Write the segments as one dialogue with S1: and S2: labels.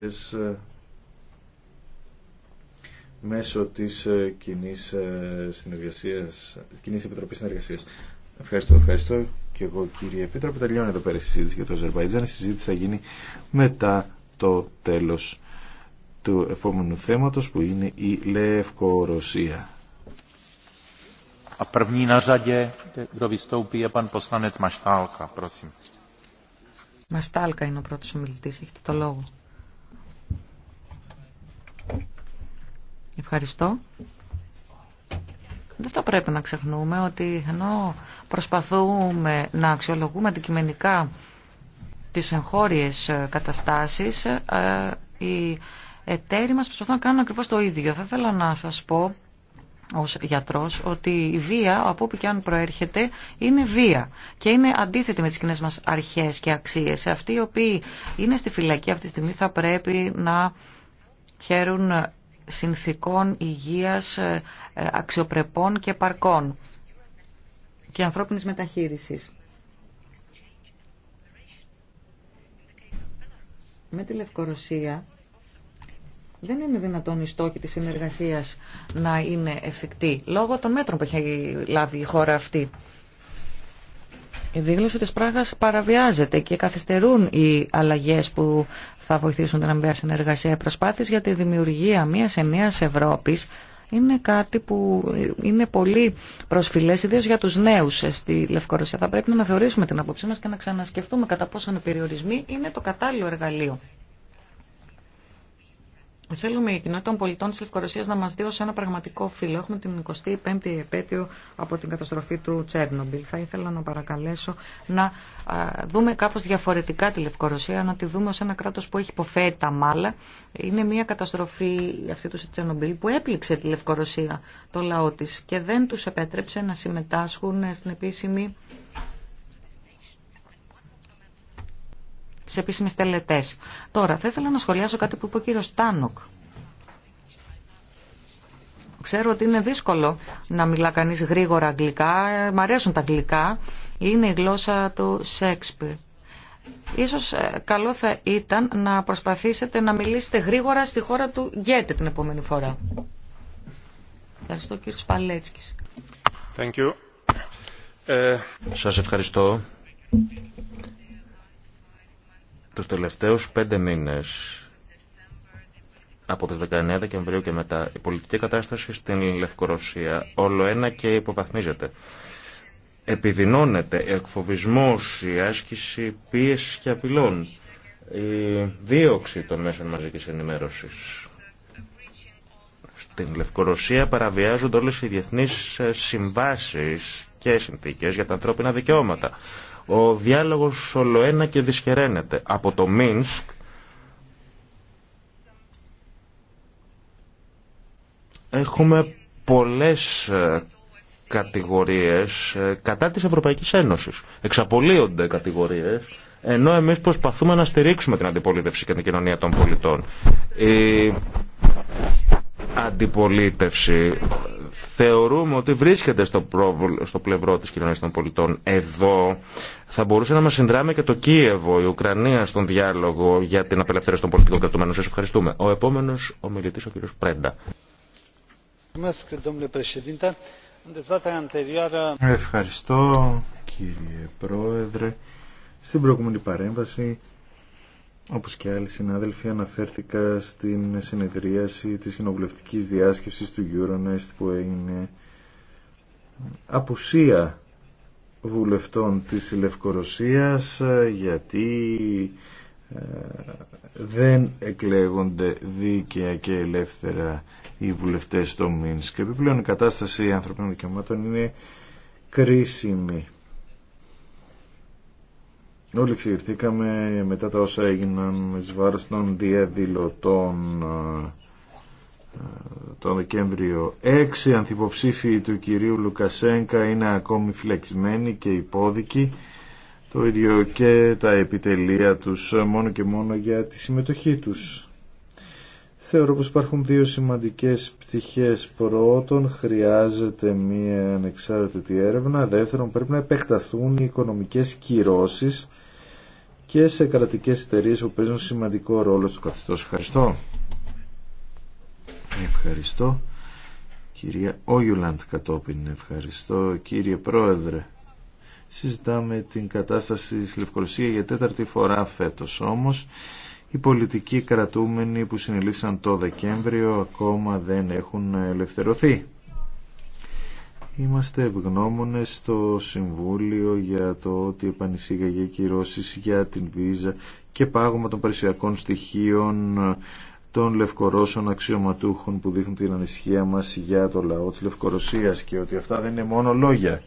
S1: Ε, μέσω της ε, κοινή ε, συνεργασίας, κοινής επιτροπής συνεργασίας. Ευχαριστώ, ευχαριστώ και εγώ κύριε Επίτροπε. Τελειώνει εδώ πέρα η συζήτηση για το Αζερβαϊτζάν. Η συζήτηση θα γίνει μετά το τέλος του επόμενου θέματος που είναι η Λευκορωσία.
S2: A první na řadě, kdo vystoupí, je pan poslanec Maštálka, prosím.
S3: Maštálka είναι ο πρώτος ομιλητή, έχετε το λόγο. Ευχαριστώ. Δεν θα πρέπει να ξεχνούμε ότι ενώ προσπαθούμε να αξιολογούμε αντικειμενικά τις εγχώριες ε, καταστάσεις, ε, οι εταίροι μας προσπαθούν να κάνουν ακριβώς το ίδιο. Θα ήθελα να σας πω ως γιατρός ότι η βία από όπου και αν προέρχεται είναι βία και είναι αντίθετη με τις κοινέ μας αρχές και αξίες. Αυτοί οι οποίοι είναι στη φυλακή αυτή τη στιγμή θα πρέπει να χαίρουν συνθήκων υγείας ε, ε, αξιοπρεπών και παρκών και ανθρώπινης μεταχείρισης. Με τη Λευκορωσία δεν είναι δυνατόν η στόχη της συνεργασίας να είναι εφικτή λόγω των μέτρων που έχει λάβει η χώρα αυτή. Η δήλωση της Πράγας παραβιάζεται και καθυστερούν οι αλλαγές που θα βοηθήσουν την αμοιβαία συνεργασία. Οι για τη δημιουργία μιας ενιαίας Ευρώπης είναι κάτι που είναι πολύ προσφυλές, ιδίως για τους νέους στη Λευκορωσία. Θα πρέπει να θεωρήσουμε την απόψή μας και να ξανασκεφτούμε κατά πόσον οι περιορισμοί είναι το κατάλληλο εργαλείο Θέλουμε η κοινότητα των πολιτών της Λευκορωσίας να μας ω ένα πραγματικό φίλο. Έχουμε την 25η επέτειο από την καταστροφή του Τσέρνομπιλ. Θα ήθελα να παρακαλέσω να δούμε κάπως διαφορετικά τη Λευκορωσία, να τη δούμε ως ένα κράτος που έχει υποφέρει τα μάλα. Είναι μια καταστροφή αυτή του Τσέρνομπιλ που έπληξε τη Λευκορωσία, το λαό της και δεν τους επέτρεψε να συμμετάσχουν στην επίσημη τις επίσημες τελετές. Τώρα, θα ήθελα να σχολιάσω κάτι που είπε ο κύριος Τάνοκ. Ξέρω ότι είναι δύσκολο να μιλά κανεί γρήγορα αγγλικά. Μ' αρέσουν τα αγγλικά. Είναι η γλώσσα του Σέξπιρ. Ίσως ε, καλό θα ήταν να προσπαθήσετε να μιλήσετε γρήγορα στη χώρα του Γκέτε την επόμενη φορά. Ευχαριστώ κύριο Παλέτσκης. Thank ε,
S2: Σας ευχαριστώ. Τους τελευταίους πέντε μήνες από τις 19 Δεκεμβρίου και μετά η πολιτική κατάσταση στην Λευκορωσία όλο ένα και υποβαθμίζεται. Επιδεινώνεται εκφοβισμό, εκφοβισμός, η άσκηση πίεσης και απειλών, η δίωξη των μέσων μαζικής ενημέρωσης. Στην Λευκορωσία παραβιάζονται όλες οι διεθνείς συμβάσεις και συνθήκες για τα ανθρώπινα δικαιώματα. Ο διάλογος ολοένα και δυσχεραίνεται. Από το Μίνσκ έχουμε πολλές ε, κατηγορίες ε, κατά της Ευρωπαϊκής Ένωσης. Εξαπολύονται κατηγορίες ενώ εμείς προσπαθούμε να στηρίξουμε την αντιπολίτευση και την κοινωνία των πολιτών. Η αντιπολίτευση θεωρούμε ότι βρίσκεται στο, στο πλευρό της κοινωνίας των πολιτών εδώ θα μπορούσε να μας συνδράμε και το Κίεβο, η Ουκρανία στον διάλογο για την απελευθέρωση των πολιτικών κρατουμένων. Σας ευχαριστούμε. Ο επόμενος ομιλητής ο κ. Πρέντα. Ευχαριστώ κύριε Πρόεδρε.
S1: Στην προηγούμενη παρέμβαση όπως και άλλοι συνάδελφοι αναφέρθηκα στην συνεδρίαση της συνοβουλευτικής διάσκεψης του Euronest που έγινε απουσία βουλευτών της Λευκορωσίας γιατί ε, δεν εκλέγονται δίκαια και ελεύθερα οι βουλευτές στο Μίνσκ. Επιπλέον η κατάσταση ανθρωπίνων δικαιωμάτων είναι κρίσιμη. Όλοι εξηγηθήκαμε μετά τα όσα έγιναν με βάρος των διαδηλωτών ε, ε, τον Δεκέμβριο. Έξι ανθυποψήφοι του κυρίου Λουκασέγκα είναι ακόμη φυλακισμένοι και υπόδικοι. Το ίδιο και τα επιτελεία τους μόνο και μόνο για τη συμμετοχή τους. Θεωρώ πως υπάρχουν δύο σημαντικές πτυχές. Πρώτον, χρειάζεται μία ανεξάρτητη έρευνα. Δεύτερον, πρέπει να επεκταθούν οι οικονομικές κυρώσεις και σε κρατικές εταιρείε που παίζουν σημαντικό ρόλο στο καθεστώς. Ευχαριστώ. Ευχαριστώ. Κυρία Όγιουλαντ κατόπιν. Ευχαριστώ κύριε Πρόεδρε. Συζητάμε την κατάσταση της Λευκορωσία για τέταρτη φορά φέτος όμως. Οι πολιτικοί κρατούμενοι που συνελήφθησαν το Δεκέμβριο ακόμα δεν έχουν ελευθερωθεί. Είμαστε ευγνώμονες στο Συμβούλιο για το ότι επανεισήγαγε κυρώσεις για την Βίζα και πάγωμα των παρουσιακών στοιχείων των Λευκορώσων αξιωματούχων που δείχνουν την ανησυχία μας για το λαό της Λευκορωσίας και ότι αυτά δεν είναι μόνο λόγια.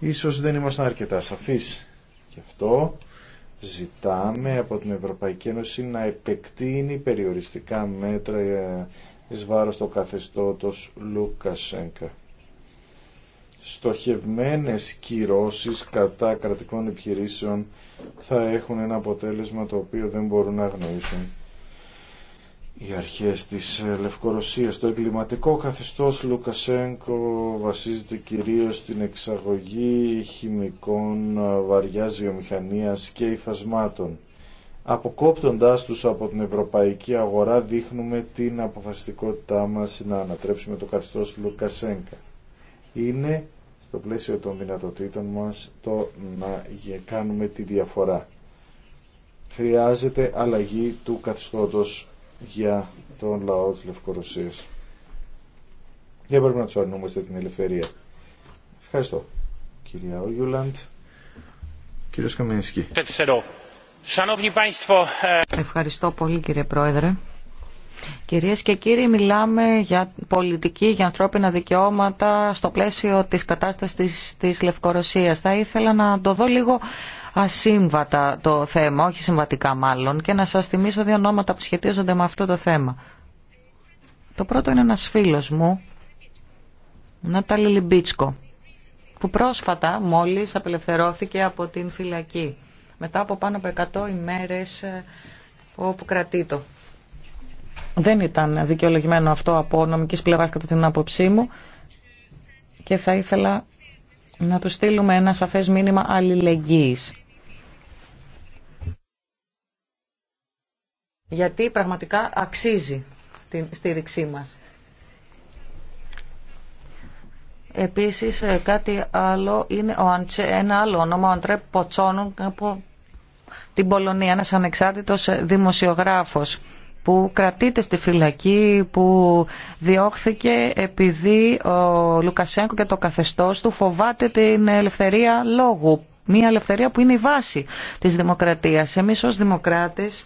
S1: Ίσως δεν ήμασταν αρκετά σαφείς. Γι' αυτό ζητάμε από την Ευρωπαϊκή Ένωση να επεκτείνει περιοριστικά μέτρα ε, εις βάρος το καθεστώτος Λούκασέγκα στοχευμένες κυρώσεις κατά κρατικών επιχειρήσεων θα έχουν ένα αποτέλεσμα το οποίο δεν μπορούν να αγνοήσουν οι αρχές της Λευκορωσίας. Το εγκληματικό καθεστώς Λουκασένκο βασίζεται κυρίως στην εξαγωγή χημικών βαριάς βιομηχανίας και υφασμάτων. Αποκόπτοντάς τους από την ευρωπαϊκή αγορά δείχνουμε την αποφασιστικότητά μας να ανατρέψουμε το καθεστώς Λουκασένκα είναι στο πλαίσιο των δυνατοτήτων μας το να κάνουμε τη διαφορά. Χρειάζεται αλλαγή του καθιστώτος για τον λαό της Λευκορωσίας. Δεν πρέπει να του αρνούμαστε την ελευθερία. Ευχαριστώ. Κυρία Ογιουλάντ.
S3: Κύριος Καμίνσκι. Ευχαριστώ πολύ κύριε Πρόεδρε. Κυρίες και κύριοι, μιλάμε για πολιτική, για ανθρώπινα δικαιώματα στο πλαίσιο της κατάστασης της, της Θα ήθελα να το δω λίγο ασύμβατα το θέμα, όχι συμβατικά μάλλον, και να σας θυμίσω δύο ονόματα που σχετίζονται με αυτό το θέμα. Το πρώτο είναι ένας φίλος μου, Νατάλη Λιμπίτσκο, που πρόσφατα μόλις απελευθερώθηκε από την φυλακή, μετά από πάνω από 100 ημέρες ε, όπου κρατεί δεν ήταν δικαιολογημένο αυτό από νομική πλευρά κατά την άποψή μου και θα ήθελα να του στείλουμε ένα σαφές μήνυμα αλληλεγγύης. Γιατί πραγματικά αξίζει την στήριξή μας. Επίσης ε, κάτι άλλο είναι ο ένα άλλο όνομα, ο Αντρέ Ποτσόνον από την Πολωνία, ένας ανεξάρτητος ε, δημοσιογράφος που κρατείται στη φυλακή, που διώχθηκε επειδή ο Λουκασέγκο και το καθεστώς του φοβάται την ελευθερία λόγου. Μια ελευθερία που είναι η βάση της δημοκρατίας. Εμείς ως δημοκράτες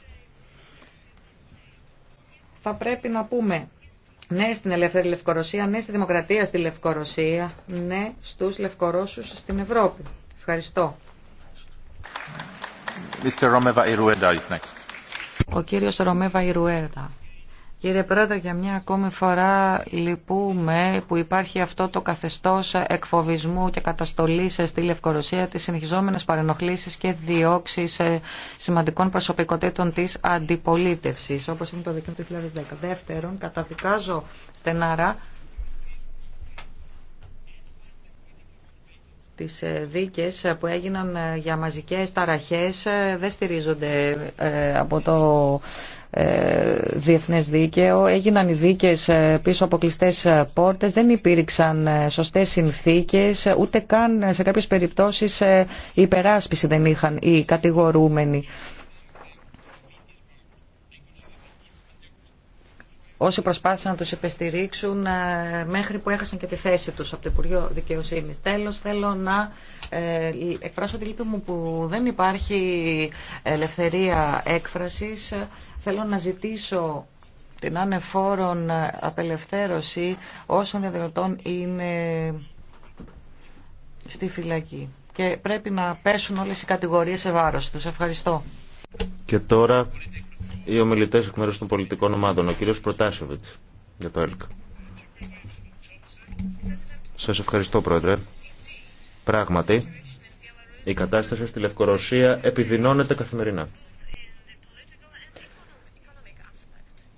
S3: θα πρέπει να πούμε ναι στην ελεύθερη Λευκορωσία, ναι στη δημοκρατία στη Λευκορωσία, ναι στους Λευκορώσους στην Ευρώπη. Ευχαριστώ.
S2: Mr. Romeva Irueda
S3: ο κύριος Ρωμέβα Ιρουέδα. Κύριε Πρόεδρε, για μια ακόμη φορά λυπούμε που υπάρχει αυτό το καθεστώς εκφοβισμού και καταστολής στη Λευκορωσία, τις συνεχιζόμενες παρενοχλήσεις και διώξεις σημαντικών προσωπικότητων της αντιπολίτευσης, όπως είναι το Δεκέμβριο του 2010. Δεύτερον, καταδικάζω στενάρα τις ε, δίκες ε, που έγιναν ε, για μαζικές ταραχές δεν στηρίζονται από το διεθνές δίκαιο. Έγιναν οι δίκες πίσω από κλειστέ πόρτες, δεν υπήρξαν σωστές συνθήκες, ούτε καν σε κάποιες περιπτώσεις υπεράσπιση δεν είχαν οι κατηγορούμενοι. όσοι προσπάθησαν να τους υπεστηρίξουν ε, μέχρι που έχασαν και τη θέση τους από το Υπουργείο Δικαιοσύνης. Τέλος, θέλω να ε, εκφράσω τη λύπη μου που δεν υπάρχει ελευθερία έκφρασης. Θέλω να ζητήσω την ανεφόρον απελευθέρωση όσων διαδηλωτών είναι στη φυλακή. Και πρέπει να πέσουν όλες οι κατηγορίες σε βάρος τους. Ευχαριστώ
S2: οι ομιλητέ εκ μέρου των πολιτικών ομάδων. Ο κύριο Προτάσεβιτ για το ΕΛΚ. Σα ευχαριστώ πρόεδρε. Πράγματι, η κατάσταση στη Λευκορωσία επιδεινώνεται καθημερινά.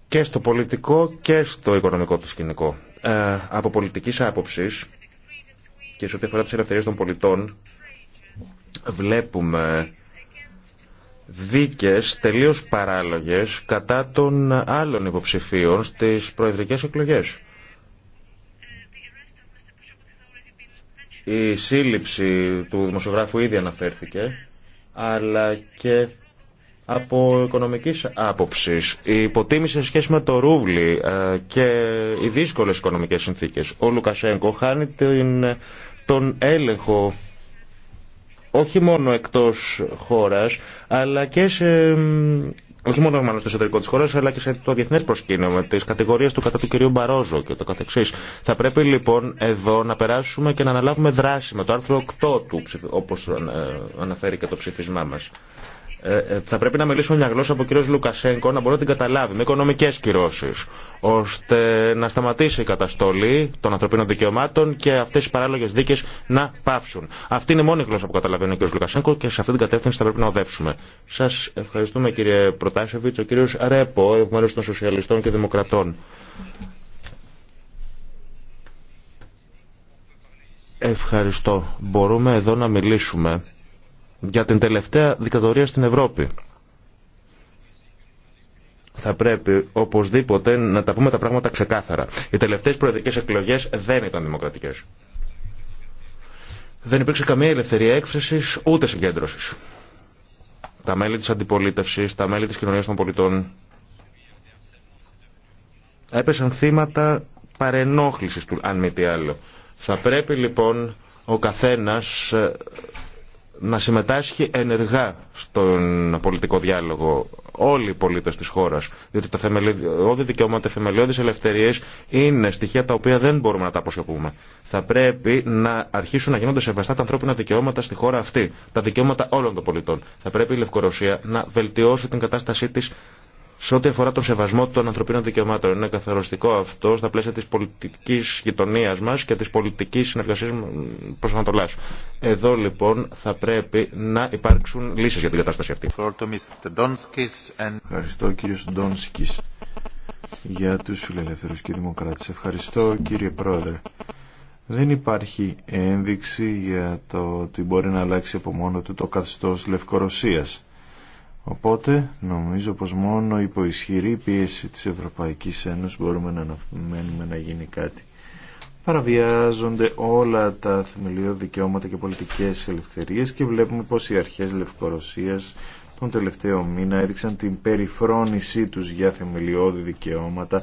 S2: Και στο πολιτικό και στο οικονομικό του σκηνικό. Ε, από πολιτική άποψη και σε ό,τι αφορά τι ελευθερίε των πολιτών, βλέπουμε δίκες τελείως παράλογες κατά των άλλων υποψηφίων στις προεδρικές εκλογές. Η σύλληψη του δημοσιογράφου ήδη αναφέρθηκε, αλλά και από οικονομικής άποψης, η υποτίμηση σε σχέση με το ρούβλι ε, και οι δύσκολες οικονομικές συνθήκες. Ο Λουκασέγκο χάνει τον έλεγχο όχι μόνο εκτός χώρας, αλλά και σε όχι μόνο μάλλον στο εσωτερικό τη χώρα, αλλά και σε το διεθνέ προσκήνιο με τι κατηγορίε του κατά του κυρίου Μπαρόζο και το καθεξή. Θα πρέπει λοιπόν εδώ να περάσουμε και να αναλάβουμε δράση με το άρθρο 8 του, όπω ε, αναφέρει και το ψήφισμά μα. Ε, ε, θα πρέπει να μιλήσουμε μια γλώσσα από ο κ. Λουκασέγκο να μπορεί να την καταλάβει με οικονομικέ κυρώσει, ώστε να σταματήσει η καταστολή των ανθρωπίνων δικαιωμάτων και αυτέ οι παράλογε δίκε να πάυσουν. Αυτή είναι η μόνη γλώσσα που καταλαβαίνει ο κ. Λουκασέγκο και σε αυτή την κατεύθυνση θα πρέπει να οδεύσουμε. Σα ευχαριστούμε κύριε Προτάσεβιτ, ο κ. Ρέπο, εκ των Σοσιαλιστών και Δημοκρατών. Ευχαριστώ. Μπορούμε εδώ να μιλήσουμε για την τελευταία δικτατορία στην Ευρώπη. Θα πρέπει οπωσδήποτε να τα πούμε τα πράγματα ξεκάθαρα. Οι τελευταίες προεδρικές εκλογές δεν ήταν δημοκρατικές. Δεν υπήρξε καμία ελευθερία έκφρασης ούτε συγκέντρωσης. Τα μέλη της αντιπολίτευσης, τα μέλη της κοινωνίας των πολιτών έπεσαν θύματα παρενόχλησης του, αν μη τι άλλο. Θα πρέπει λοιπόν ο καθένας ε, να συμμετάσχει ενεργά στον πολιτικό διάλογο όλοι οι πολίτε τη χώρα. Διότι τα θεμελιώδη δικαιώματα, θεμελιώδη ελευθερίε είναι στοιχεία τα οποία δεν μπορούμε να τα αποσιωπούμε. Θα πρέπει να αρχίσουν να γίνονται σεβαστά τα ανθρώπινα δικαιώματα στη χώρα αυτή. Τα δικαιώματα όλων των πολιτών. Θα πρέπει η Λευκορωσία να βελτιώσει την κατάστασή τη σε ό,τι αφορά τον σεβασμό των ανθρωπίνων δικαιωμάτων. Είναι καθαριστικό αυτό στα πλαίσια τη πολιτική γειτονία μα και τη πολιτική συνεργασία προ Ανατολά. Εδώ λοιπόν θα πρέπει να υπάρξουν λύσει για την κατάσταση αυτή.
S1: Ευχαριστώ κύριο Ντόνσκι για του φιλελεύθερου και δημοκράτε. Ευχαριστώ κύριε Πρόεδρε. Δεν υπάρχει ένδειξη για το ότι μπορεί να αλλάξει από μόνο του το καθεστώ Λευκορωσίας Οπότε νομίζω πως μόνο υπό ισχυρή πίεση της Ευρωπαϊκής Ένωσης μπορούμε να αναμένουμε να γίνει κάτι. Παραβιάζονται όλα τα θεμελιώδη δικαιώματα και πολιτικές ελευθερίες και βλέπουμε πως οι αρχές Λευκορωσίας τον τελευταίο μήνα έδειξαν την περιφρόνησή τους για θεμελιώδη δικαιώματα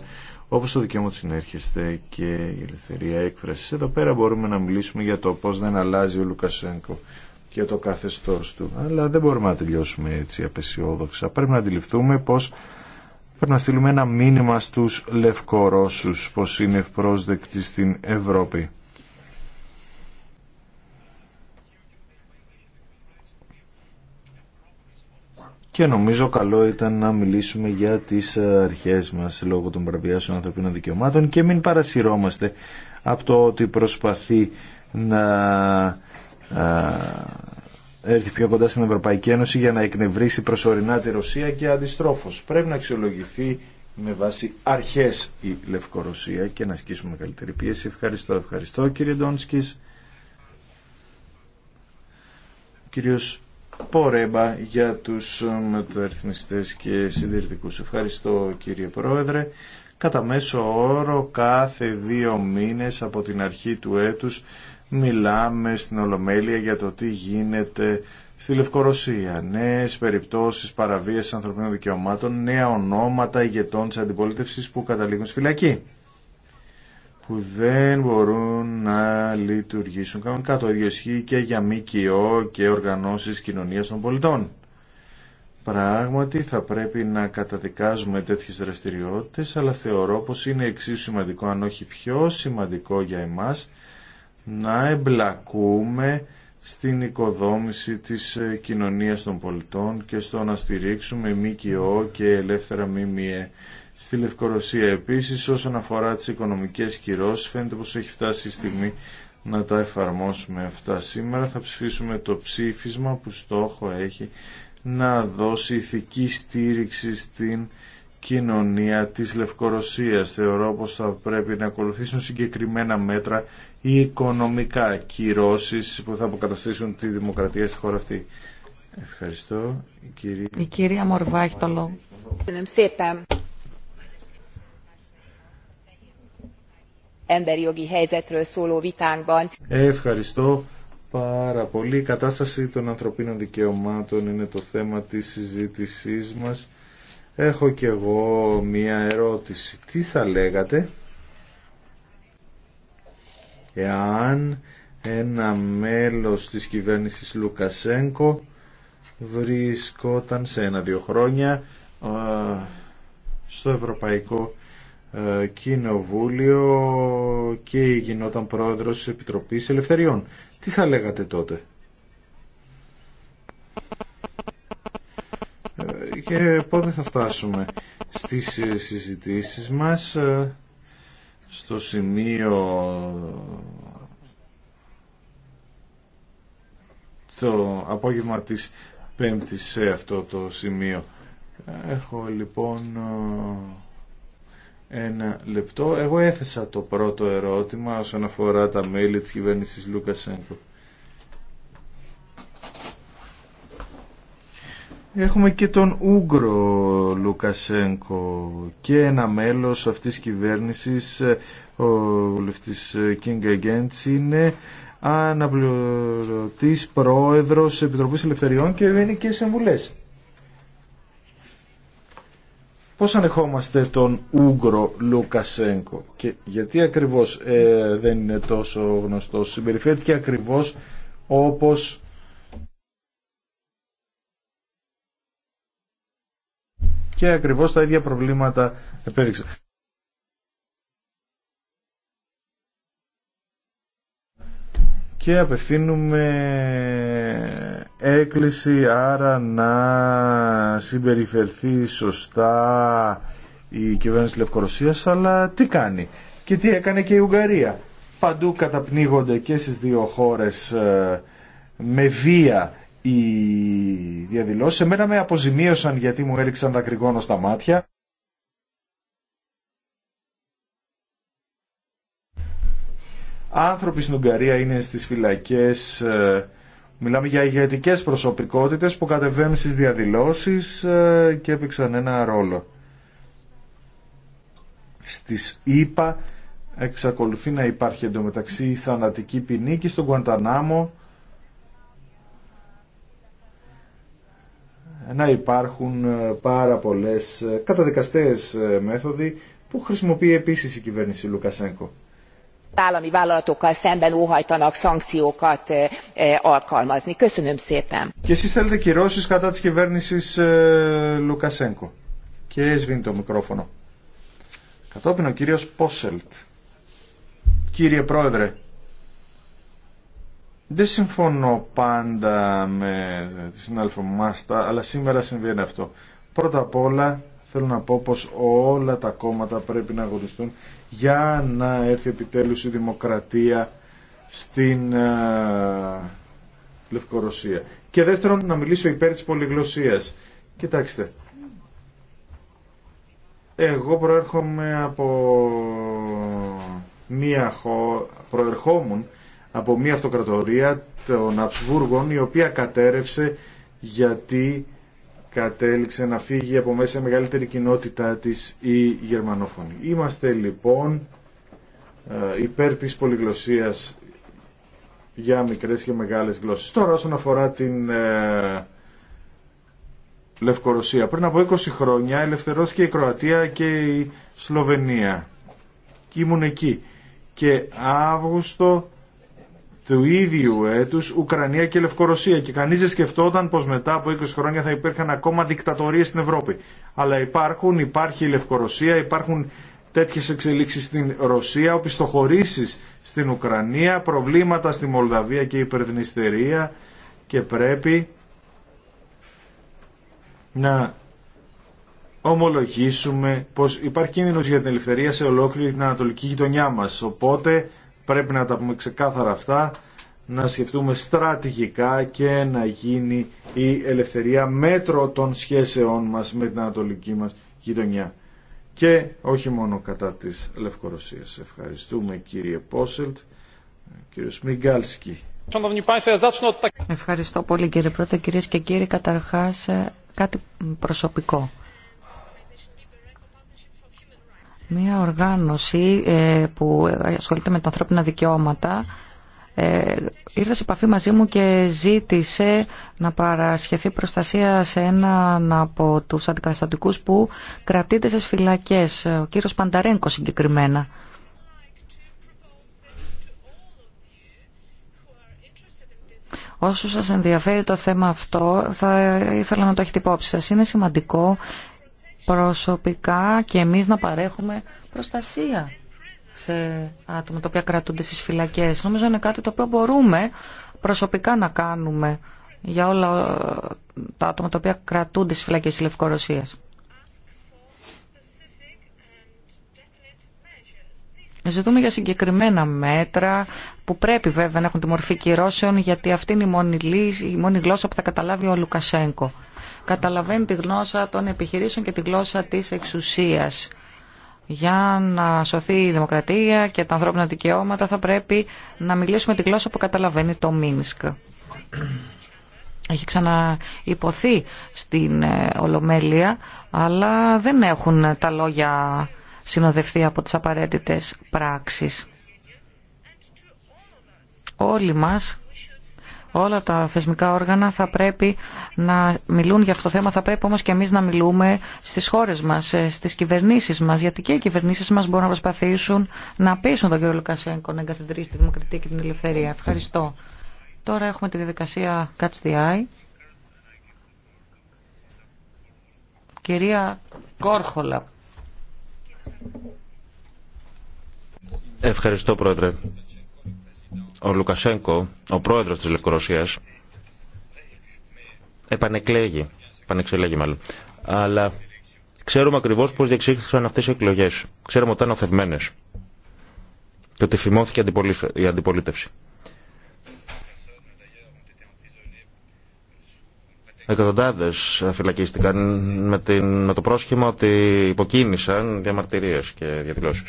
S1: όπως το δικαίωμα του συνέρχεστε και η ελευθερία έκφρασης. Εδώ πέρα μπορούμε να μιλήσουμε για το πώς δεν αλλάζει ο Λουκασένκο και το καθεστώς του. Αλλά δεν μπορούμε να τελειώσουμε έτσι απεσιόδοξα. Πρέπει να αντιληφθούμε πως πρέπει να στείλουμε ένα μήνυμα στους Λευκορώσους πως είναι ευπρόσδεκτοι στην Ευρώπη. Και νομίζω καλό ήταν να μιλήσουμε για τις αρχές μας λόγω των παραβιάσεων ανθρωπίνων δικαιωμάτων και μην παρασυρώμαστε από το ότι προσπαθεί να έρθει πιο κοντά στην Ευρωπαϊκή Ένωση για να εκνευρίσει προσωρινά τη Ρωσία και αντιστρόφως. Πρέπει να αξιολογηθεί με βάση αρχές η Λευκορωσία και να ασκήσουμε καλύτερη πίεση. Ευχαριστώ, ευχαριστώ κύριε Ντόνσκης. Κύριος Πορέμπα για τους μεταρρυθμιστές και συντηρητικούς. Ευχαριστώ κύριε Πρόεδρε. Κατά μέσο όρο κάθε δύο μήνες από την αρχή του έτους μιλάμε στην Ολομέλεια για το τι γίνεται στη Λευκορωσία. Νέε περιπτώσεις παραβίασης ανθρωπίνων δικαιωμάτων, νέα ονόματα ηγετών τη αντιπολίτευση που καταλήγουν στη φυλακή που δεν μπορούν να λειτουργήσουν κανονικά. Το ίδιο ισχύει και για ΜΚΟ και οργανώσεις κοινωνίας των πολιτών. Πράγματι θα πρέπει να καταδικάζουμε τέτοιες δραστηριότητες, αλλά θεωρώ πως είναι εξίσου σημαντικό, αν όχι πιο σημαντικό για εμάς, να εμπλακούμε στην οικοδόμηση της ε, κοινωνίας των πολιτών και στο να στηρίξουμε ΜΚΟ και ελεύθερα ΜΜΕ. Στη Λευκορωσία επίσης όσον αφορά τις οικονομικές κυρώσεις φαίνεται πως έχει φτάσει η στιγμή να τα εφαρμόσουμε αυτά. Σήμερα θα ψηφίσουμε το ψήφισμα που στόχο έχει να δώσει ηθική στήριξη στην κοινωνία της Λευκορωσίας. Θεωρώ πως θα πρέπει να ακολουθήσουν συγκεκριμένα μέτρα ή οικονομικά κυρώσεις που θα αποκαταστήσουν τη δημοκρατία στη χώρα αυτή.
S3: Ευχαριστώ. Η κυρία, Η κυρία Μορβά έχει το λόγο.
S1: Ευχαριστώ πάρα πολύ. Η κατάσταση των ανθρωπίνων δικαιωμάτων είναι το θέμα της συζήτησής μας Έχω και εγώ μία ερώτηση. Τι θα λέγατε εάν ένα μέλος της κυβέρνησης Λουκασένκο βρισκόταν σε ένα-δύο χρόνια στο Ευρωπαϊκό Κοινοβούλιο και γινόταν πρόεδρος της Επιτροπής Ελευθεριών. Τι θα λέγατε τότε και πότε θα φτάσουμε στις ε, συζητήσεις μας ε, στο σημείο το απόγευμα της πέμπτης σε αυτό το σημείο. Έχω λοιπόν ε, ένα λεπτό. Εγώ έθεσα το πρώτο ερώτημα όσον αφορά τα μέλη της κυβέρνησης Λούκασέγκο. Έχουμε και τον Ούγκρο Λουκασένκο και ένα μέλος αυτής της κυβέρνησης, ο βουλευτής King Γκέντς, είναι αναπληρωτής πρόεδρος Επιτροπής Ελευθεριών και είναι και συμβουλές. Πώς ανεχόμαστε τον Ούγκρο Λουκασένκο και γιατί ακριβώς ε, δεν είναι τόσο γνωστός. και ακριβώς όπως και ακριβώς τα ίδια προβλήματα επέδειξε. και απευθύνουμε έκκληση άρα να συμπεριφερθεί σωστά η κυβέρνηση Λευκορωσίας αλλά τι κάνει και τι έκανε και η Ουγγαρία παντού καταπνίγονται και στις δύο χώρες ε, με βία οι διαδηλώσει Εμένα με αποζημίωσαν γιατί μου έριξαν κρυγόνο στα μάτια. Άνθρωποι στην Ουγγαρία είναι στις φυλακές, ε, μιλάμε για ηγετικές προσωπικότητες που κατεβαίνουν στις διαδηλώσεις ε, και έπαιξαν ένα ρόλο. Στις ΗΠΑ εξακολουθεί να υπάρχει εντωμεταξύ η θανατική ποινή και στον Κουαντανάμο να υπάρχουν ε, πάρα πολλές ε, καταδικαστές ε, μέθοδοι που χρησιμοποιεί επίσης η κυβέρνηση Λουκασέγκο.
S3: Állami
S1: Και εσείς θέλετε κυρώσεις κατά της κυβέρνησης Λουκασέγκο. Και σβήνει το μικρόφωνο. Κατόπιν ο κύριος Πόσελτ. Κύριε Πρόεδρε, δεν συμφωνώ πάντα με τη συνάδελφο Μάστα, αλλά σήμερα συμβαίνει αυτό. Πρώτα απ' όλα θέλω να πω πως όλα τα κόμματα πρέπει να αγωνιστούν για να έρθει επιτέλους η δημοκρατία στην ε, Λευκορωσία. Και δεύτερον, να μιλήσω υπέρ της πολυγλωσσίας. Κοιτάξτε, εγώ προέρχομαι από μία χώρα, προερχόμουν από μια αυτοκρατορία των Αψβούργων η οποία κατέρευσε γιατί κατέληξε να φύγει από μέσα η μεγαλύτερη κοινότητα της η γερμανόφωνη. Είμαστε λοιπόν ε, υπέρ της πολυγλωσσίας για μικρές και μεγάλες γλώσσες. Τώρα όσον αφορά την ε, Λευκορωσία. Πριν από 20 χρόνια ελευθερώθηκε η Κροατία και η Σλοβενία. Και ήμουν εκεί. Και Αύγουστο του ίδιου έτους Ουκρανία και Λευκορωσία και κανείς δεν σκεφτόταν πως μετά από 20 χρόνια θα υπήρχαν ακόμα δικτατορίες στην Ευρώπη. Αλλά υπάρχουν, υπάρχει η Λευκορωσία, υπάρχουν τέτοιες εξελίξεις στην Ρωσία, οπισθοχωρήσεις στην Ουκρανία, προβλήματα στη Μολδαβία και υπερδνηστερία και πρέπει να ομολογήσουμε πως υπάρχει κίνδυνος για την ελευθερία σε ολόκληρη την ανατολική γειτονιά μας. Οπότε Πρέπει να τα πούμε ξεκάθαρα αυτά, να σκεφτούμε στρατηγικά και να γίνει η ελευθερία μέτρο των σχέσεών μας με την ανατολική μας γειτονιά. Και όχι μόνο κατά της Λευκορωσίας. Ευχαριστούμε κύριε Πόσελτ, κύριο Σμιγκάλσκι.
S3: Ευχαριστώ πολύ κύριε Πρόεδρε, κυρίες και κύριοι. Καταρχάς ε, κάτι προσωπικό. Μία οργάνωση ε, που ασχολείται με τα ανθρώπινα δικαιώματα ε, ήρθε σε επαφή μαζί μου και ζήτησε να παρασχεθεί προστασία σε έναν από τους αντικαταστατικούς που κρατείται σε φυλακές, ο κύριος Πανταρένκο συγκεκριμένα. Όσους σας ενδιαφέρει το θέμα αυτό, θα ήθελα να το έχετε υπόψη σας. Είναι σημαντικό προσωπικά και εμείς να παρέχουμε προστασία σε άτομα τα οποία κρατούνται στις φυλακές. Νομίζω είναι κάτι το οποίο μπορούμε προσωπικά να κάνουμε για όλα ε, τα άτομα τα οποία κρατούνται στις φυλακές της Λευκορωσίας. Ζητούμε για συγκεκριμένα μέτρα που πρέπει βέβαια να έχουν τη μορφή κυρώσεων γιατί αυτή είναι η μόνη, η μόνη γλώσσα που θα καταλάβει ο Λουκασέγκο καταλαβαίνει τη γνώσα των επιχειρήσεων και τη γλώσσα της εξουσίας. Για να σωθεί η δημοκρατία και τα ανθρώπινα δικαιώματα θα πρέπει να μιλήσουμε τη γλώσσα που καταλαβαίνει το Μίνσκ. Έχει ξαναυποθεί στην ε, Ολομέλεια, αλλά δεν έχουν τα λόγια συνοδευτεί από τις απαραίτητες πράξεις. Όλοι μας όλα τα θεσμικά όργανα θα πρέπει να μιλούν για αυτό το θέμα. Θα πρέπει όμως και εμείς να μιλούμε στις χώρες μας, ε, στις κυβερνήσεις μας, γιατί και οι κυβερνήσεις μας μπορούν να προσπαθήσουν να πείσουν τον κύριο Λουκασέγκο να εγκαθιδρύσει τη δημοκρατία και την ελευθερία. Ευχαριστώ. Τώρα έχουμε τη διαδικασία Catch the Eye. Κυρία Κόρχολα.
S2: Ευχαριστώ, Πρόεδρε. Ο Λουκασέγκο, ο πρόεδρος της Λευκορωσίας, επανεκλέγει, επανεξελέγει μάλλον. Αλλά ξέρουμε ακριβώς πώς διεξήχθησαν αυτές οι εκλογές. Ξέρουμε ότι ήταν οθευμένες και ότι φημώθηκε η αντιπολίτευση. Εκατοντάδε φυλακίστηκαν με, την, το πρόσχημα ότι υποκίνησαν διαμαρτυρίε και διαδηλώσει.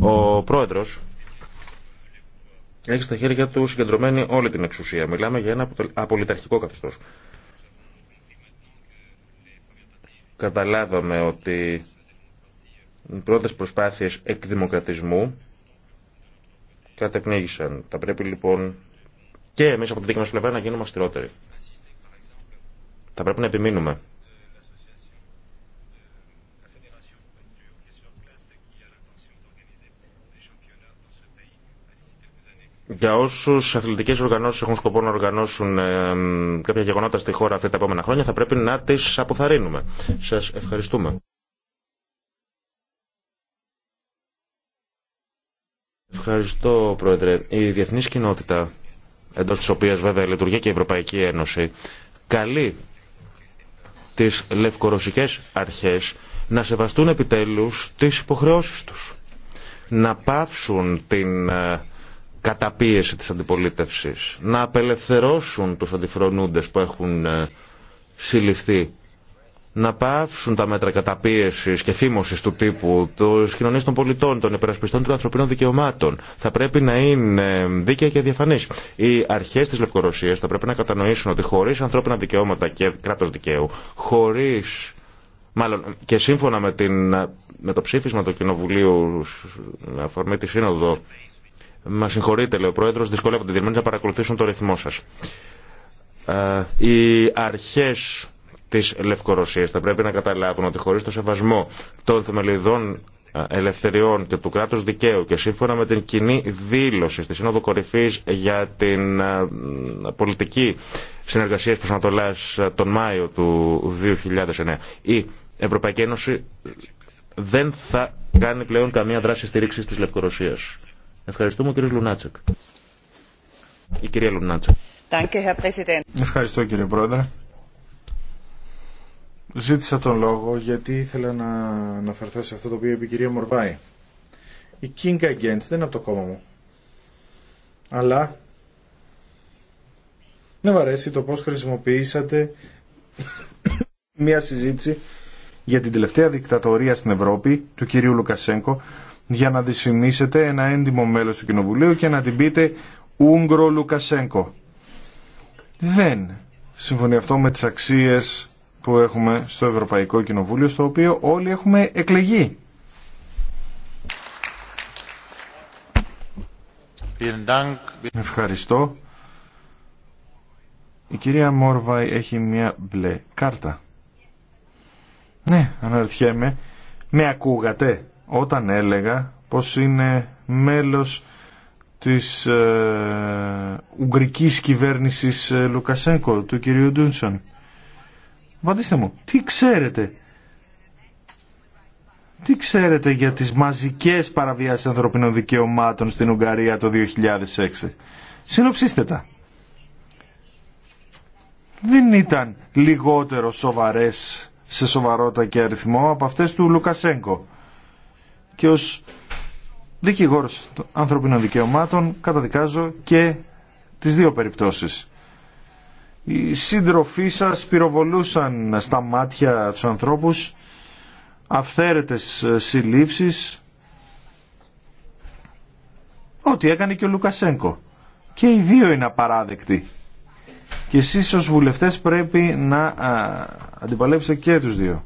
S2: Ο πρόεδρος έχει στα χέρια του συγκεντρωμένη όλη την εξουσία. Μιλάμε για ένα απολυταρχικό καθεστώ. Καταλάβαμε ότι οι πρώτες προσπάθειες εκδημοκρατισμού κατεπνίγησαν. Θα πρέπει λοιπόν και εμείς από τη δική μας πλευρά να γίνουμε αστηρότεροι. Θα πρέπει να επιμείνουμε για όσου αθλητικέ οργανώσει έχουν σκοπό να οργανώσουν ε, κάποια γεγονότα στη χώρα αυτή τα επόμενα χρόνια, θα πρέπει να τι αποθαρρύνουμε. Σα ευχαριστούμε. Ευχαριστώ, Πρόεδρε. Η διεθνή κοινότητα, εντό τη οποία βέβαια λειτουργεί και η Ευρωπαϊκή Ένωση, καλεί τι λευκορωσικέ αρχέ να σεβαστούν επιτέλου τι υποχρεώσει του. Να πάυσουν την ε, καταπίεση της αντιπολίτευσης, να απελευθερώσουν τους αντιφρονούντες που έχουν ε, συλληφθεί, να πάυσουν τα μέτρα καταπίεσης και θύμωσης του τύπου, των κοινωνίες των πολιτών, των υπερασπιστών των ανθρωπίνων δικαιωμάτων. Θα πρέπει να είναι δίκαια και διαφανής. Οι αρχές της Λευκορωσίας θα πρέπει να κατανοήσουν ότι χωρίς ανθρώπινα δικαιώματα και κράτος δικαίου, χωρίς Μάλλον και σύμφωνα με, την, με το ψήφισμα του Κοινοβουλίου αφορμή τη Σύνοδο Μα συγχωρείτε, λέει ο Πρόεδρο, δυσκολεύονται οι Γερμανοί να παρακολουθήσουν το ρυθμό σα. Ε, οι αρχέ τη Λευκορωσία θα πρέπει να καταλάβουν ότι χωρί το σεβασμό των θεμελιδών ε, ελευθεριών και του κράτου δικαίου και σύμφωνα με την κοινή δήλωση στη Σύνοδο κορυφή για την ε, πολιτική συνεργασία τη Ανατολά ε, τον Μάιο του 2009 η Ευρωπαϊκή Ένωση δεν θα κάνει πλέον καμία δράση στήριξη τη Λευκορωσία. Ευχαριστούμε, κύριε Λουνάτσεκ. Η κυρία Λουνάτσεκ. Ευχαριστώ, κύριε Πρόεδρε.
S1: Ζήτησα τον λόγο γιατί ήθελα να αναφερθώ σε αυτό το οποίο είπε η κυρία Μορβάη. Η King Against δεν είναι από το κόμμα μου. Αλλά δεν μου αρέσει το πώς χρησιμοποιήσατε μια συζήτηση για την τελευταία δικτατορία στην Ευρώπη του κυρίου Λουκασέγκο για να δυσφημίσετε ένα έντιμο μέλος του Κοινοβουλίου και να την πείτε Ούγκρο Λουκασέγκο. Δεν συμφωνεί αυτό με τις αξίες που έχουμε στο Ευρωπαϊκό Κοινοβούλιο, στο οποίο όλοι έχουμε εκλεγεί. Ευχαριστώ. Η κυρία Μόρβαϊ έχει μια μπλε κάρτα. Ναι, αναρωτιέμαι. Με ακούγατε όταν έλεγα πως είναι μέλος της ε, ουγγρικής κυβέρνησης ε, Λουκασέγκο, του κυρίου Ντούνσον. Απαντήστε μου, τι ξέρετε. Τι ξέρετε για τις μαζικές παραβιάσεις ανθρωπινών δικαιωμάτων στην Ουγγαρία το 2006. Συνοψίστε τα. Δεν ήταν λιγότερο σοβαρές σε σοβαρότα και αριθμό από αυτές του Λουκασέγκο και ως δικηγόρος των ανθρωπίνων δικαιωμάτων καταδικάζω και τις δύο περιπτώσεις. Οι σύντροφοί σας πυροβολούσαν στα μάτια τους ανθρώπους αυθαίρετες συλλήψεις ό,τι έκανε και ο Λουκασέγκο. Και οι δύο είναι απαράδεκτοι. Και εσείς ως βουλευτές πρέπει να αντιπαλέψετε και τους δύο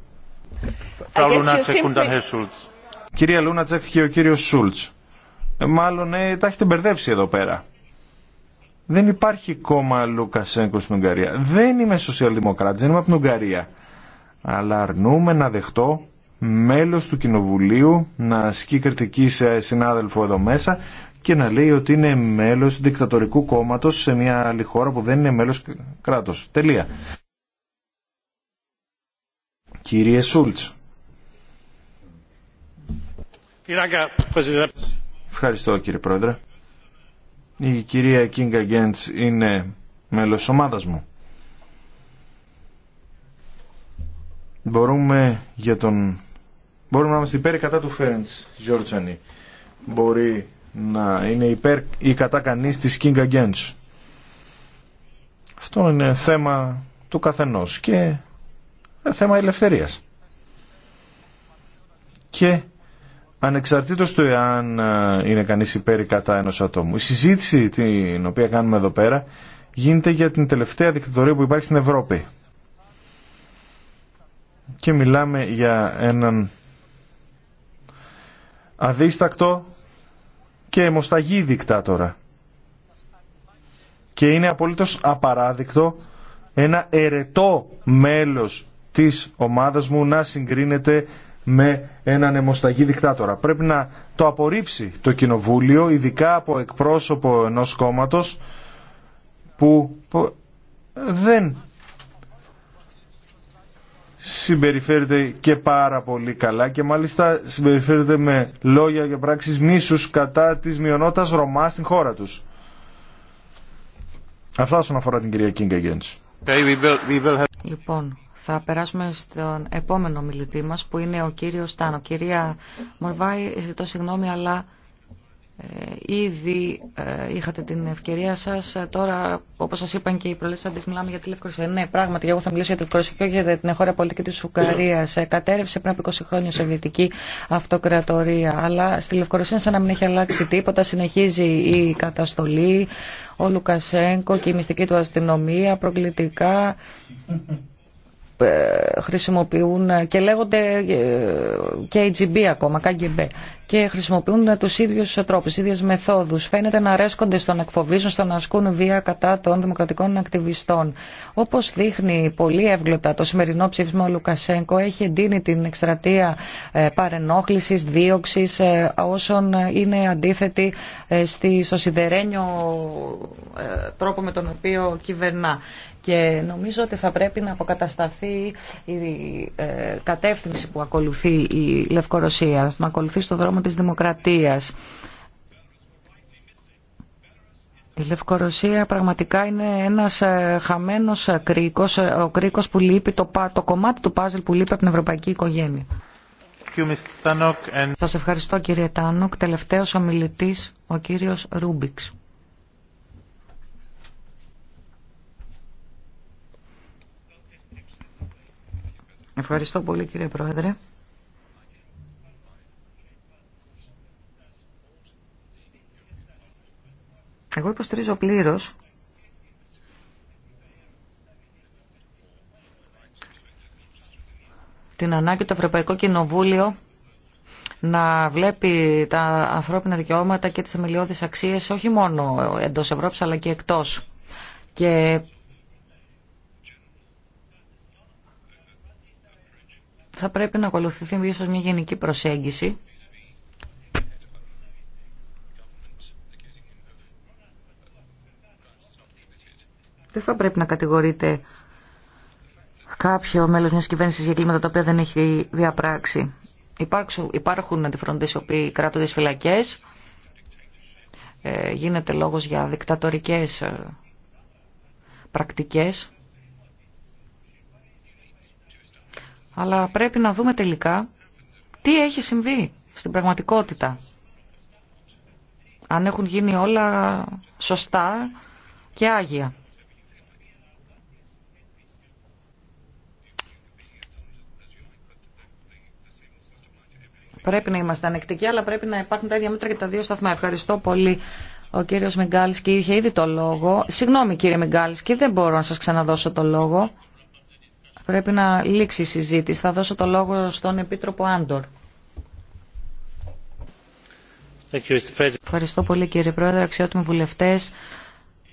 S1: κυρία Λούνατσεκ και ο κύριο Σούλτς. Ε, μάλλον ε, τα έχετε μπερδέψει εδώ πέρα. Δεν υπάρχει κόμμα Λουκασέγκο στην Ουγγαρία. Δεν είμαι σοσιαλδημοκράτης, δεν είμαι από την Ουγγαρία. Αλλά αρνούμε να δεχτώ μέλο του Κοινοβουλίου να ασκεί κριτική σε συνάδελφο εδώ μέσα και να λέει ότι είναι μέλο δικτατορικού κόμματο σε μια άλλη χώρα που δεν είναι μέλο κράτο. Τελεία. Κύριε Σούλτς, Ευχαριστώ κύριε Πρόεδρε. Η κυρία Κίνγκα Γκέντς είναι μέλος ομάδας μου. Μπορούμε για τον... Μπορούμε να είμαστε υπέρ κατά του Φέρεντς Γιόρτσανη. Μπορεί να είναι υπέρ ή κατά κανείς της Κίνγκα Γκέντς. Αυτό είναι θέμα του καθενός και θέμα ελευθερίας. Και ανεξαρτήτως του εάν ε, είναι κανείς υπέρ ή κατά ενός ατόμου. Η συζήτηση την οποία κάνουμε εδώ πέρα γίνεται για την τελευταία δικτατορία που υπάρχει στην Ευρώπη. Και μιλάμε για έναν αδίστακτο και αιμοσταγή δικτάτορα. Και είναι απολύτως απαράδεικτο ένα ερετό μέλος της ομάδας μου να συγκρίνεται με έναν αιμοσταγή δικτάτορα. Πρέπει να το απορρίψει το Κοινοβούλιο, ειδικά από εκπρόσωπο ενός κόμματος που δεν συμπεριφέρεται και πάρα πολύ καλά και μάλιστα συμπεριφέρεται με λόγια και πράξεις μίσους κατά της μειονότητας Ρωμά στην χώρα τους. Αυτά όσον αφορά την κυρία Κίνγκα Γκέντς.
S3: Λοιπόν, θα περάσουμε στον επόμενο μιλητή μας που είναι ο κύριος Στάνο. Κυρία Μορβάη, ζητώ συγγνώμη αλλά ε, ήδη ε, είχατε την ευκαιρία σας. Τώρα, όπως σας είπαν και οι προλέσσαντες, μιλάμε για τη Λευκορωσία. Ναι, πράγματι, εγώ θα μιλήσω για τη Λευκορωσία και όχι για την χώρα πολιτική της Ουκαρίας. Ε, κατέρευσε πριν από 20 χρόνια η Σοβιετική Αυτοκρατορία. Αλλά στη Λευκορωσία σαν να μην έχει αλλάξει τίποτα. Συνεχίζει η καταστολή, ο Λουκασέγκο και η μυστική του αστυνομία, προκλητικά ε, χρησιμοποιούν και λέγονται KGB ε, ακόμα, KGB και χρησιμοποιούν τους ίδιους τρόπους, ίδιες μεθόδου. Φαίνεται να αρέσκονται στον να εκφοβήσουν, στο να ασκούν βία κατά των δημοκρατικών ακτιβιστών. Όπω δείχνει πολύ εύγλωτα το σημερινό ψήφισμα ο Λουκασέγκο έχει εντείνει την εκστρατεία ε, παρενόχληση, δίωξη, ε, όσων είναι αντίθετοι ε, στο σιδερένιο τρόπο με τον οποίο κυβερνά. Και νομίζω ότι θα πρέπει να αποκατασταθεί η κατεύθυνση που ακολουθεί η Λευκορωσία, να ακολουθεί στον δρόμο της δημοκρατίας. Η Λευκορωσία πραγματικά είναι ένας ε, χαμένος ε, κρίκος, ε, ο κρίκος που λείπει, το, το κομμάτι του παζλ που λείπει από την ευρωπαϊκή οικογένεια. Σας ευχαριστώ κύριε Τάνοκ. Τελευταίος ομιλητής, ο κύριος Ρούμπιξ. Ευχαριστώ πολύ κύριε Πρόεδρε. Εγώ υποστηρίζω πλήρω. την ανάγκη το Ευρωπαϊκό Κοινοβούλιο να βλέπει τα ανθρώπινα δικαιώματα και τις θεμελιώδεις αξίες όχι μόνο εντός Ευρώπης αλλά και εκτός. Και θα πρέπει να ακολουθηθεί ίσως μια γενική προσέγγιση Δεν θα πρέπει να κατηγορείται κάποιο μέλος μιας κυβέρνησης για κλίματα τα οποία δεν έχει διαπράξει. Υπάρχουν, υπάρχουν αντιφροντές οι οποίοι κράτονται στις φυλακές. Ε, γίνεται λόγος για δικτατορικές ε, πρακτικές. Αλλά πρέπει να δούμε τελικά τι έχει συμβεί στην πραγματικότητα. Αν έχουν γίνει όλα σωστά και άγια. Πρέπει να είμαστε ανεκτικοί, αλλά πρέπει να υπάρχουν τα ίδια μέτρα και τα δύο σταθμά. Ευχαριστώ πολύ. Ο κύριος Μιγκάλσκι είχε ήδη το λόγο. Συγγνώμη κύριε Μιγκάλσκι, δεν μπορώ να σας ξαναδώσω το λόγο. Πρέπει να λήξει η συζήτηση. Θα δώσω το λόγο στον Επίτροπο Άντορ. Ευχαριστώ πολύ κύριε Πρόεδρε, αξιότιμοι βουλευτές.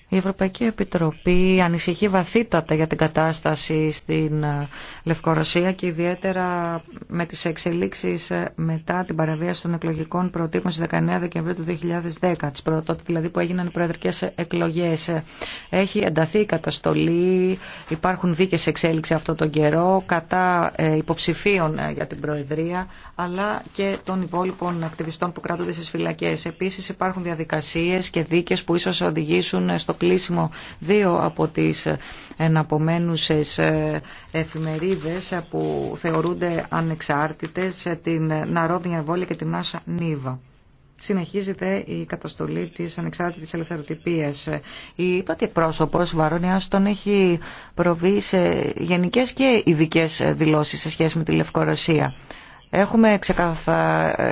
S3: Η Ευρωπαϊκή Επιτροπή ανησυχεί βαθύτατα για την κατάσταση στην ε, Λευκορωσία και ιδιαίτερα με τις εξελίξεις ε, μετά την παραβίαση των εκλογικών προτύπων στις 19 Δεκεμβρίου του 2010, τις δηλαδή που έγιναν οι προεδρικές εκλογές. Έχει ενταθεί η καταστολή, υπάρχουν δίκες εξέλιξη αυτόν τον καιρό κατά ε, υποψηφίων για την Προεδρία, αλλά και των υπόλοιπων ακτιβιστών που κράτονται στις φυλακές. Επίσης υπάρχουν διαδικασίες και δίκες που ίσως οδηγήσουν στο κλείσιμο δύο από τις εναπομένουσες εφημερίδες που θεωρούνται ανεξάρτητες, την Ναρόδια Βόλια και την Άσα Νίβα. Συνεχίζεται η καταστολή της ανεξάρτητης ελευθεροτυπίας. Η είπατε πρόσωπος Βαρόνια τον έχει προβεί σε γενικές και ειδικές δηλώσεις σε σχέση με τη Λευκορωσία. Έχουμε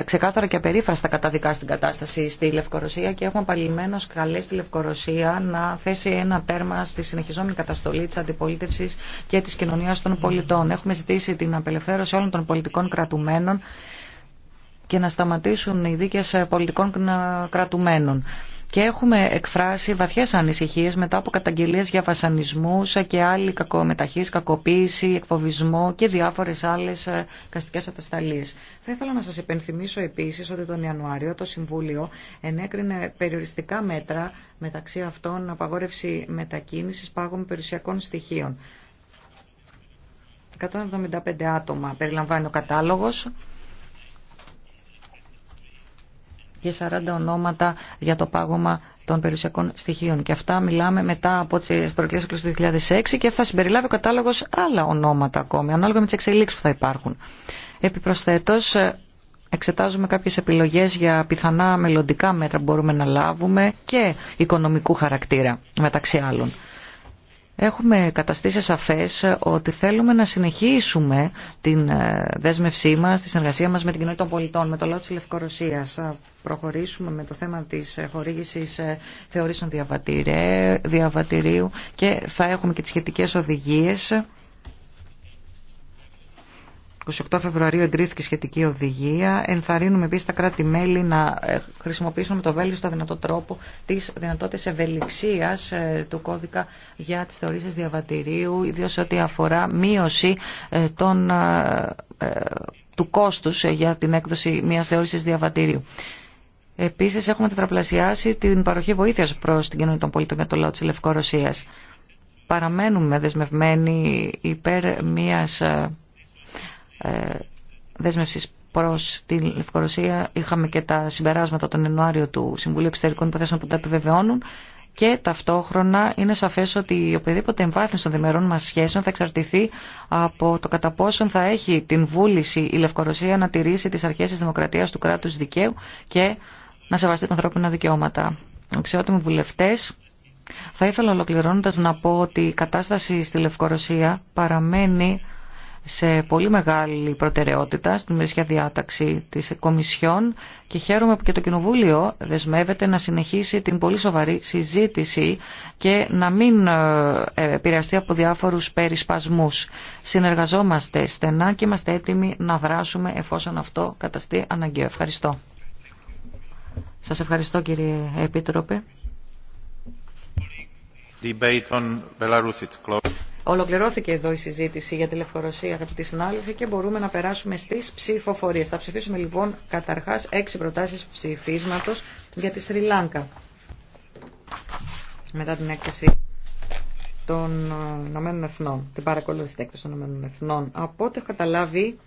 S3: ξεκάθαρα και απερίφραστα καταδικάσει την κατάσταση στη Λευκορωσία και έχουμε απαλληλμένως καλέσει τη Λευκορωσία να θέσει ένα τέρμα στη συνεχιζόμενη καταστολή της αντιπολίτευσης και της κοινωνίας των πολιτών. Έχουμε ζητήσει την απελευθέρωση όλων των πολιτικών κρατουμένων και να σταματήσουν οι δίκες πολιτικών κρατουμένων και έχουμε εκφράσει βαθιές ανησυχίες μετά από καταγγελίες για βασανισμούς και άλλη κακομεταχείριση, κακοποίηση, εκφοβισμό και διάφορες άλλες ε, καστικές ατασταλίες. Θα ήθελα να σας υπενθυμίσω επίσης ότι τον Ιανουάριο το Συμβούλιο ενέκρινε περιοριστικά μέτρα μεταξύ αυτών απαγόρευση μετακίνησης πάγων περιουσιακών στοιχείων. 175 άτομα περιλαμβάνει ο κατάλογος για 40 ονόματα για το πάγωμα των περιουσιακών στοιχείων. Και αυτά μιλάμε μετά από τι προκλήσεις του 2006 και θα συμπεριλάβει ο κατάλογο άλλα ονόματα ακόμη, ανάλογα με τι εξελίξει που θα υπάρχουν. Επιπροσθέτω, εξετάζουμε κάποιε επιλογέ για πιθανά μελλοντικά μέτρα που μπορούμε να λάβουμε και οικονομικού χαρακτήρα μεταξύ άλλων έχουμε καταστήσει σαφές ότι θέλουμε να συνεχίσουμε την ε, δέσμευσή μας, τη συνεργασία μας με την κοινότητα των πολιτών, με το λαό της Λευκορωσίας. Θα προχωρήσουμε με το θέμα της ε, χορήγησης ε, θεωρήσεων διαβατηρίου και θα έχουμε και τις σχετικές οδηγίες 28 Φεβρουαρίου εγκρίθηκε σχετική οδηγία. Ενθαρρύνουμε επίση τα κράτη-μέλη να ε, χρησιμοποιήσουν με το βέλτιστο δυνατό τρόπο τι δυνατότητε ευελιξία ε, του κώδικα για τι θεωρήσει διαβατηρίου, ιδίω ό,τι αφορά μείωση ε, των, του κόστου για την έκδοση μια θεώρηση διαβατηρίου. Επίση, έχουμε τετραπλασιάσει την παροχή βοήθεια προ την κοινωνία των πολιτών για το λαό τη Λευκορωσία. Παραμένουμε δεσμευμένοι υπέρ μιας ε, δέσμευση προ τη Λευκορωσία. Είχαμε και τα συμπεράσματα τον Ιανουάριο του Συμβουλίου Εξωτερικών Υποθέσεων που τα επιβεβαιώνουν και ταυτόχρονα είναι σαφέ ότι οποιαδήποτε εμβάθυνση των διμερών μα σχέσεων θα εξαρτηθεί από το κατά πόσον θα έχει την βούληση η Λευκορωσία να τηρήσει τι αρχέ τη δημοκρατία του κράτους δικαίου και να σεβαστεί τα ανθρώπινα δικαιώματα. Αξιότιμοι βουλευτέ, θα ήθελα ολοκληρώνοντα να πω ότι η κατάσταση στη Λευκορωσία παραμένει σε πολύ μεγάλη προτεραιότητα στην μερίσια διάταξη της Κομισιόν και χαίρομαι που και το Κοινοβούλιο δεσμεύεται να συνεχίσει την πολύ σοβαρή συζήτηση και να μην ε, ε, επηρεαστεί από διάφορους περισπασμούς. Συνεργαζόμαστε στενά και είμαστε έτοιμοι να δράσουμε εφόσον αυτό καταστεί αναγκαίο. Ευχαριστώ. Σας ευχαριστώ κύριε Επίτροπε. Ολοκληρώθηκε εδώ η συζήτηση για τη Λευκορωσία, αγαπητοί συνάδελφοι, και μπορούμε να περάσουμε στι ψηφοφορίε. Θα ψηφίσουμε λοιπόν καταρχά έξι προτάσει ψηφίσματο για τη Σρι Λάνκα. Μετά την έκθεση των ε, Ηνωμένων Εθνών, την παρακολούθηση της των Ηνωμένων Εθνών. Από ό,τι έχω καταλάβει,